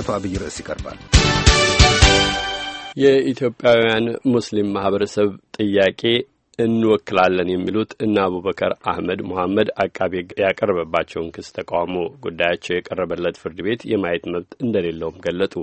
የዕለቱ አብይ ርዕስ ይቀርባል። የኢትዮጵያውያን ሙስሊም ማህበረሰብ ጥያቄ እንወክላለን የሚሉት እነ አቡበከር አህመድ ሙሐመድ አቃቢ ያቀረበባቸውን ክስ ተቃውሞ ጉዳያቸው የቀረበለት ፍርድ ቤት የማየት መብት እንደሌለውም ገለጡ።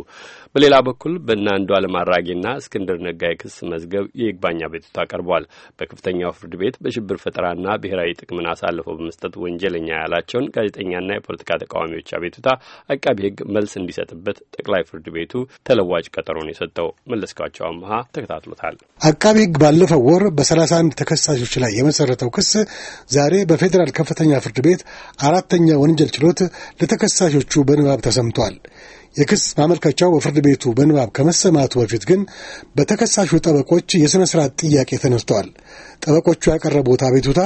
በሌላ በኩል በእነ አንዱዓለም አራጌና እስክንድር ነጋ የክስ መዝገብ የይግባኝ አቤቱታ ቀርቧል። በከፍተኛው ፍርድ ቤት በሽብር ፈጠራና ብሔራዊ ጥቅምን አሳልፎ በመስጠት ወንጀለኛ ያላቸውን ጋዜጠኛና የፖለቲካ ተቃዋሚዎች አቤቱታ አቃቢ ሕግ መልስ እንዲሰጥበት ጠቅላይ ፍርድ ቤቱ ተለዋጭ ቀጠሮን የሰጠው መለስካቸው አምሃ ተከታትሎታል። አቃቢ ሕግ ባለፈው ወር በሰላሳ አንድ ተከሳሾች ላይ የመሠረተው ክስ ዛሬ በፌዴራል ከፍተኛ ፍርድ ቤት አራተኛ ወንጀል ችሎት ለተከሳሾቹ በንባብ ተሰምቷል። የክስ ማመልከቻው በፍርድ ቤቱ በንባብ ከመሰማቱ በፊት ግን በተከሳሹ ጠበቆች የሥነ ሥርዓት ጥያቄ ተነስተዋል። ጠበቆቹ ያቀረቡት አቤቱታ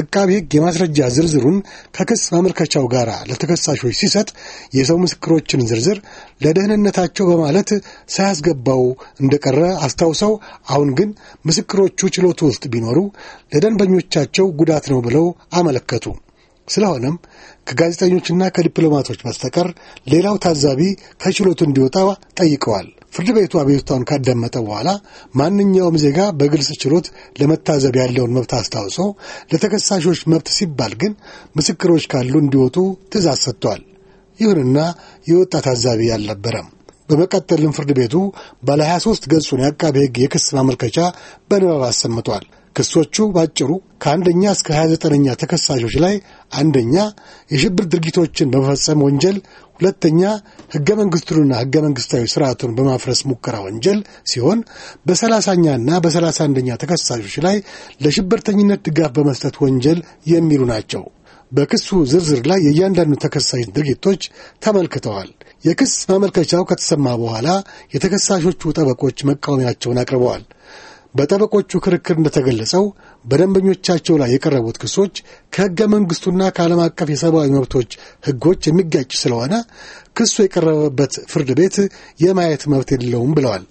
አቃቢ ሕግ የማስረጃ ዝርዝሩን ከክስ ማመልከቻው ጋር ለተከሳሾች ሲሰጥ የሰው ምስክሮችን ዝርዝር ለደህንነታቸው በማለት ሳያስገባው እንደቀረ አስታውሰው፣ አሁን ግን ምስክሮቹ ችሎቱ ውስጥ ቢኖሩ ለደንበኞቻቸው ጉዳት ነው ብለው አመለከቱ። ስለሆነም ከጋዜጠኞችና ከዲፕሎማቶች በስተቀር ሌላው ታዛቢ ከችሎቱ እንዲወጣ ጠይቀዋል። ፍርድ ቤቱ አቤቱታውን ካዳመጠ በኋላ ማንኛውም ዜጋ በግልጽ ችሎት ለመታዘብ ያለውን መብት አስታውሶ ለተከሳሾች መብት ሲባል ግን ምስክሮች ካሉ እንዲወጡ ትእዛዝ ሰጥቷል። ይሁንና የወጣ ታዛቢ አልነበረም። በመቀጠልም ፍርድ ቤቱ ባለ 23 ገጹን የአቃቤ ሕግ የክስ ማመልከቻ በንባብ አሰምቷል። ክሶቹ ባጭሩ ከአንደኛ እስከ 29ኛ ተከሳሾች ላይ አንደኛ የሽብር ድርጊቶችን በመፈጸም ወንጀል፣ ሁለተኛ ህገ መንግስቱንና ህገ መንግስታዊ ስርዓቱን በማፍረስ ሙከራ ወንጀል ሲሆን በሰላሳኛና በሰላሳ አንደኛ ተከሳሾች ላይ ለሽብርተኝነት ድጋፍ በመስጠት ወንጀል የሚሉ ናቸው። በክሱ ዝርዝር ላይ የእያንዳንዱ ተከሳሽ ድርጊቶች ተመልክተዋል። የክስ ማመልከቻው ከተሰማ በኋላ የተከሳሾቹ ጠበቆች መቃወሚያቸውን አቅርበዋል። በጠበቆቹ ክርክር እንደተገለጸው በደንበኞቻቸው ላይ የቀረቡት ክሶች ከሕገ መንግሥቱና ከዓለም አቀፍ የሰብአዊ መብቶች ሕጎች የሚጋጭ ስለሆነ ክሱ የቀረበበት ፍርድ ቤት የማየት መብት የለውም ብለዋል።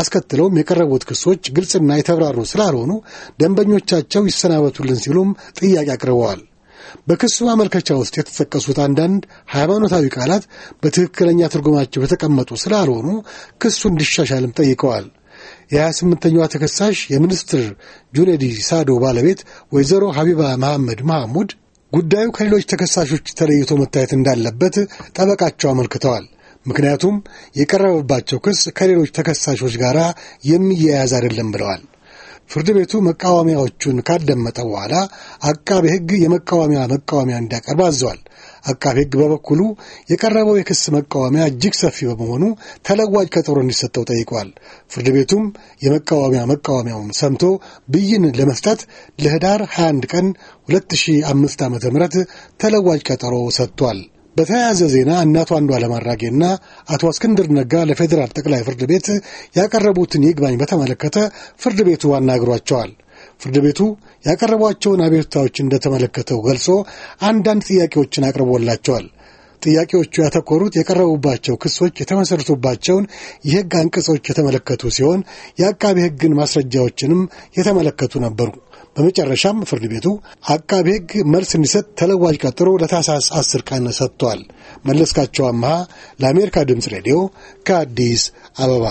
አስከትለውም የቀረቡት ክሶች ግልጽና የተብራሩ ስላልሆኑ ደንበኞቻቸው ይሰናበቱልን ሲሉም ጥያቄ አቅርበዋል። በክሱ ማመልከቻ ውስጥ የተጠቀሱት አንዳንድ ሃይማኖታዊ ቃላት በትክክለኛ ትርጉማቸው የተቀመጡ ስላልሆኑ ክሱ እንዲሻሻልም ጠይቀዋል። የ28ኛዋ ተከሳሽ የሚኒስትር ጁኔዲ ሳዶ ባለቤት ወይዘሮ ሀቢባ መሐመድ መሐሙድ ጉዳዩ ከሌሎች ተከሳሾች ተለይቶ መታየት እንዳለበት ጠበቃቸው አመልክተዋል። ምክንያቱም የቀረበባቸው ክስ ከሌሎች ተከሳሾች ጋር የሚያያዝ አይደለም ብለዋል። ፍርድ ቤቱ መቃወሚያዎቹን ካዳመጠ በኋላ አቃቤ ሕግ የመቃወሚያ መቃወሚያ እንዲያቀርብ አዘዋል። አቃቤ ሕግ በበኩሉ የቀረበው የክስ መቃወሚያ እጅግ ሰፊ በመሆኑ ተለዋጅ ቀጠሮ እንዲሰጠው ጠይቋል። ፍርድ ቤቱም የመቃወሚያ መቃወሚያውን ሰምቶ ብይን ለመስጠት ለህዳር 21 ቀን 2005 ዓ ም ተለዋጅ ቀጠሮ ሰጥቷል። በተያያዘ ዜና እናቱ አንዱዓለም አራጌና አቶ እስክንድር ነጋ ለፌዴራል ጠቅላይ ፍርድ ቤት ያቀረቡትን ይግባኝ በተመለከተ ፍርድ ቤቱ አናግሯቸዋል። ፍርድ ቤቱ ያቀረቧቸውን አቤቱታዎች እንደተመለከተው ገልጾ አንዳንድ ጥያቄዎችን አቅርቦላቸዋል። ጥያቄዎቹ ያተኮሩት የቀረቡባቸው ክሶች የተመሠረቱባቸውን የሕግ አንቀጾች የተመለከቱ ሲሆን የአቃቢ ሕግን ማስረጃዎችንም የተመለከቱ ነበሩ። በመጨረሻም ፍርድ ቤቱ አቃቢ ሕግ መልስ እንዲሰጥ ተለዋጅ ቀጥሮ ለታህሳስ አስር ቀን ሰጥቷል። መለስካቸው አምሃ ለአሜሪካ ድምፅ ሬዲዮ ከአዲስ አበባ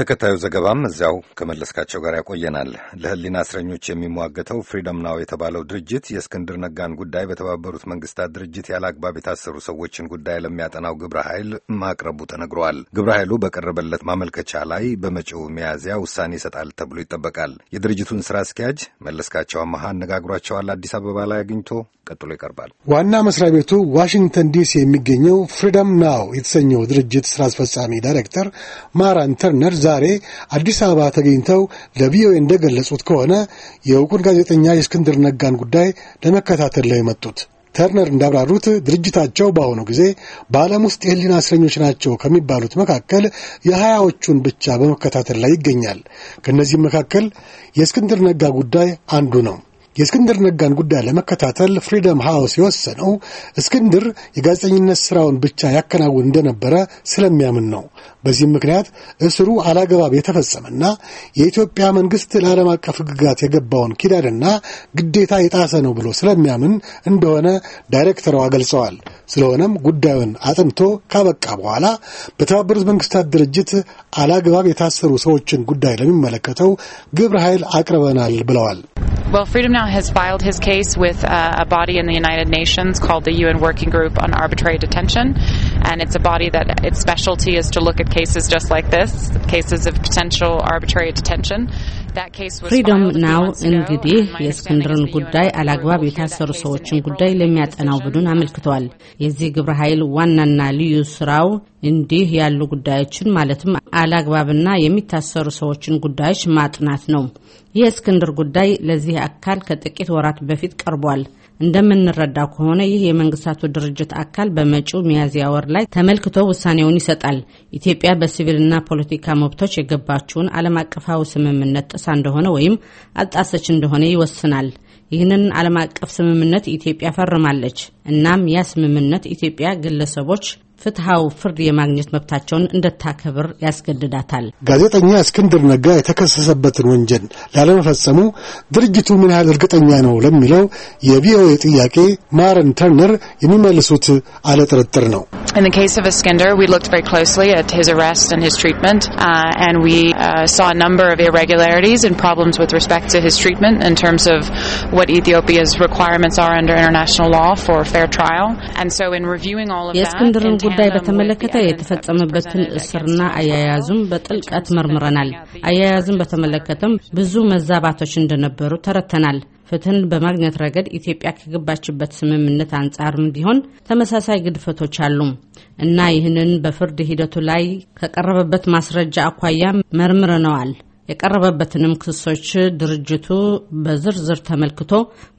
ተከታዩ ዘገባም እዚያው ከመለስካቸው ጋር ያቆየናል። ለህሊና እስረኞች የሚሟገተው ፍሪደም ናው የተባለው ድርጅት የእስክንድር ነጋን ጉዳይ በተባበሩት መንግስታት ድርጅት ያለ አግባብ የታሰሩ ሰዎችን ጉዳይ ለሚያጠናው ግብረ ኃይል ማቅረቡ ተነግሯል። ግብረ ኃይሉ በቀረበለት ማመልከቻ ላይ በመጪው ሚያዝያ ውሳኔ ይሰጣል ተብሎ ይጠበቃል። የድርጅቱን ስራ አስኪያጅ መለስካቸው አመሃ አነጋግሯቸዋል። አዲስ አበባ ላይ አግኝቶ ቀጥሎ ይቀርባል። ዋና መስሪያ ቤቱ ዋሽንግተን ዲሲ የሚገኘው ፍሪደም ናው የተሰኘው ድርጅት ስራ አስፈጻሚ ዳይሬክተር ማራን ተርነር ዛሬ አዲስ አበባ ተገኝተው ለቪኦኤ እንደገለጹት ከሆነ የእውቁን ጋዜጠኛ የእስክንድር ነጋን ጉዳይ ለመከታተል ላይ የመጡት። ተርነር እንዳብራሩት ድርጅታቸው በአሁኑ ጊዜ በዓለም ውስጥ የህሊና እስረኞች ናቸው ከሚባሉት መካከል የሀያዎቹን ብቻ በመከታተል ላይ ይገኛል። ከእነዚህም መካከል የእስክንድር ነጋ ጉዳይ አንዱ ነው። የእስክንድር ነጋን ጉዳይ ለመከታተል ፍሪደም ሃውስ የወሰነው እስክንድር የጋዜጠኝነት ስራውን ብቻ ያከናውን እንደነበረ ስለሚያምን ነው። በዚህም ምክንያት እስሩ አላገባብ የተፈጸመና የኢትዮጵያ መንግስት ለዓለም አቀፍ ሕግጋት የገባውን ኪዳንና ግዴታ የጣሰ ነው ብሎ ስለሚያምን እንደሆነ ዳይሬክተሯ ገልጸዋል። ስለሆነም ጉዳዩን አጥንቶ ካበቃ በኋላ በተባበሩት መንግስታት ድርጅት አላግባብ የታሰሩ ሰዎችን ጉዳይ ለሚመለከተው ግብረ ኃይል አቅርበናል ብለዋል። Well, Freedom Now has filed his case with uh, a body in the United Nations called the UN Working Group on Arbitrary Detention and it's a body that its specialty is to look at cases just like this, cases of potential arbitrary detention. That case was Freedom now in Gidi, yes, Kundran Gudai, Alagwa, Vitasar Sochin Gudai, Lemiat and Abudun Amilkatual, Yezi Gibrahil, one and Nalius Rao, Indi, Yalugudachin, Malatum, Alagwabna, Yemitasar Sochin Gudai, Mat Nathno. Yes, Kundar Gudai, Lazi Akal, Kateket, or at Befit Karbal. እንደምንረዳው ከሆነ ይህ የመንግስታቱ ድርጅት አካል በመጪው ሚያዝያ ወር ላይ ተመልክቶ ውሳኔውን ይሰጣል። ኢትዮጵያ በሲቪልና ፖለቲካ መብቶች የገባችውን ዓለም አቀፋዊ ስምምነት ጥሳ እንደሆነ ወይም አልጣሰች እንደሆነ ይወስናል። ይህንን ዓለም አቀፍ ስምምነት ኢትዮጵያ ፈርማለች። እናም ያ ስምምነት ኢትዮጵያ ግለሰቦች ፍትሐው ፍርድ የማግኘት መብታቸውን እንድታከብር ያስገድዳታል። ጋዜጠኛ እስክንድር ነጋ የተከሰሰበትን ወንጀል ላለመፈጸሙ ድርጅቱ ምን ያህል እርግጠኛ ነው ለሚለው የቪኦኤ ጥያቄ ማረን ተርነር የሚመልሱት አለጥርጥር ነው። uh, uh, የእስክንድርን ጉዳይ በተመለከተ የተፈጸመበትን እስርና አያያዙም በጥልቀት መርምረናል። አያያዙን በተመለከተም ብዙ መዛባቶች እንደነበሩ ተረተናል። ፍትህን በማግኘት ረገድ ኢትዮጵያ ከገባችበት ስምምነት አንጻርም ቢሆን ተመሳሳይ ግድፈቶች አሉ እና ይህንን በፍርድ ሂደቱ ላይ ከቀረበበት ማስረጃ አኳያ መርምረነዋል። የቀረበበትንም ክሶች ድርጅቱ በዝርዝር ተመልክቶ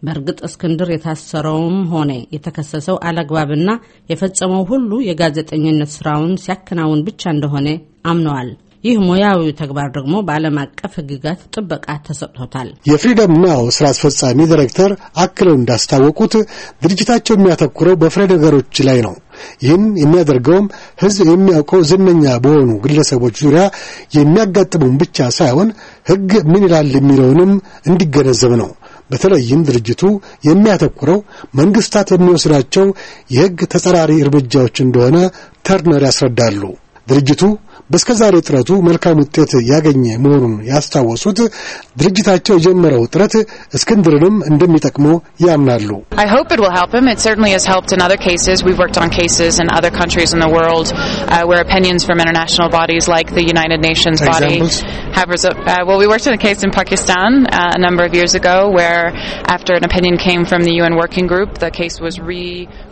በእርግጥ እስክንድር የታሰረውም ሆነ የተከሰሰው አላግባብና የፈጸመው ሁሉ የጋዜጠኝነት ስራውን ሲያከናውን ብቻ እንደሆነ አምነዋል። ይህ ሙያዊ ተግባር ደግሞ በዓለም አቀፍ ሕግጋት ጥበቃ ተሰጥቶታል። የፍሪደም ናው ስራ አስፈጻሚ ዲሬክተር አክለው እንዳስታወቁት ድርጅታቸው የሚያተኩረው በፍሬ ነገሮች ላይ ነው። ይህም የሚያደርገውም ህዝብ የሚያውቀው ዝነኛ በሆኑ ግለሰቦች ዙሪያ የሚያጋጥሙን ብቻ ሳይሆን ህግ ምን ይላል የሚለውንም እንዲገነዘብ ነው። በተለይም ድርጅቱ የሚያተኩረው መንግስታት የሚወስዳቸው የህግ ተጸራሪ እርምጃዎች እንደሆነ ተርነር ያስረዳሉ። ድርጅቱ በእስከዛሬ ጥረቱ መልካም ውጤት ያገኘ መሆኑን ያስታወሱት ድርጅታቸው የጀመረው ጥረት እስክንድርንም እንደሚጠቅመው ያምናሉ።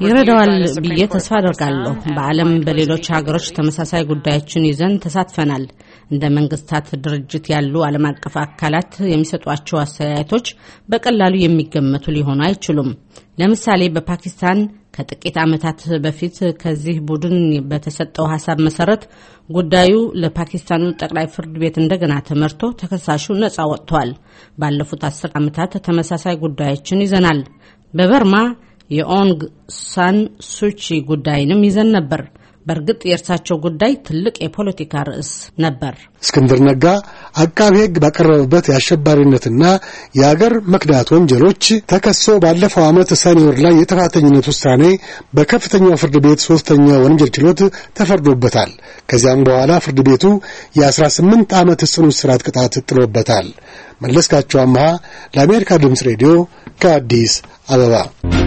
ይረዳዋል ብዬ ተስፋ አደርጋለሁ። በዓለም በሌሎች ሀገሮች ተመሳሳይ ጉዳዮችን ይዘ ዘንድ ተሳትፈናል። እንደ መንግስታት ድርጅት ያሉ ዓለም አቀፍ አካላት የሚሰጧቸው አስተያየቶች በቀላሉ የሚገመቱ ሊሆኑ አይችሉም። ለምሳሌ በፓኪስታን ከጥቂት ዓመታት በፊት ከዚህ ቡድን በተሰጠው ሀሳብ መሰረት ጉዳዩ ለፓኪስታኑ ጠቅላይ ፍርድ ቤት እንደገና ተመርቶ ተከሳሹ ነፃ ወጥቷል። ባለፉት አስር ዓመታት ተመሳሳይ ጉዳዮችን ይዘናል። በበርማ የኦንግ ሳን ሱቺ ጉዳይንም ይዘን ነበር። በእርግጥ የእርሳቸው ጉዳይ ትልቅ የፖለቲካ ርዕስ ነበር። እስክንድር ነጋ አቃቢ ሕግ ባቀረበበት የአሸባሪነትና የአገር መክዳት ወንጀሎች ተከሶ ባለፈው ዓመት ሰኔ ወር ላይ የጥፋተኝነት ውሳኔ በከፍተኛው ፍርድ ቤት ሶስተኛ ወንጀል ችሎት ተፈርዶበታል። ከዚያም በኋላ ፍርድ ቤቱ የ18 ዓመት ጽኑ እስራት ቅጣት ጥሎበታል። መለስካቸው አምሃ ለአሜሪካ ድምፅ ሬዲዮ ከአዲስ አበባ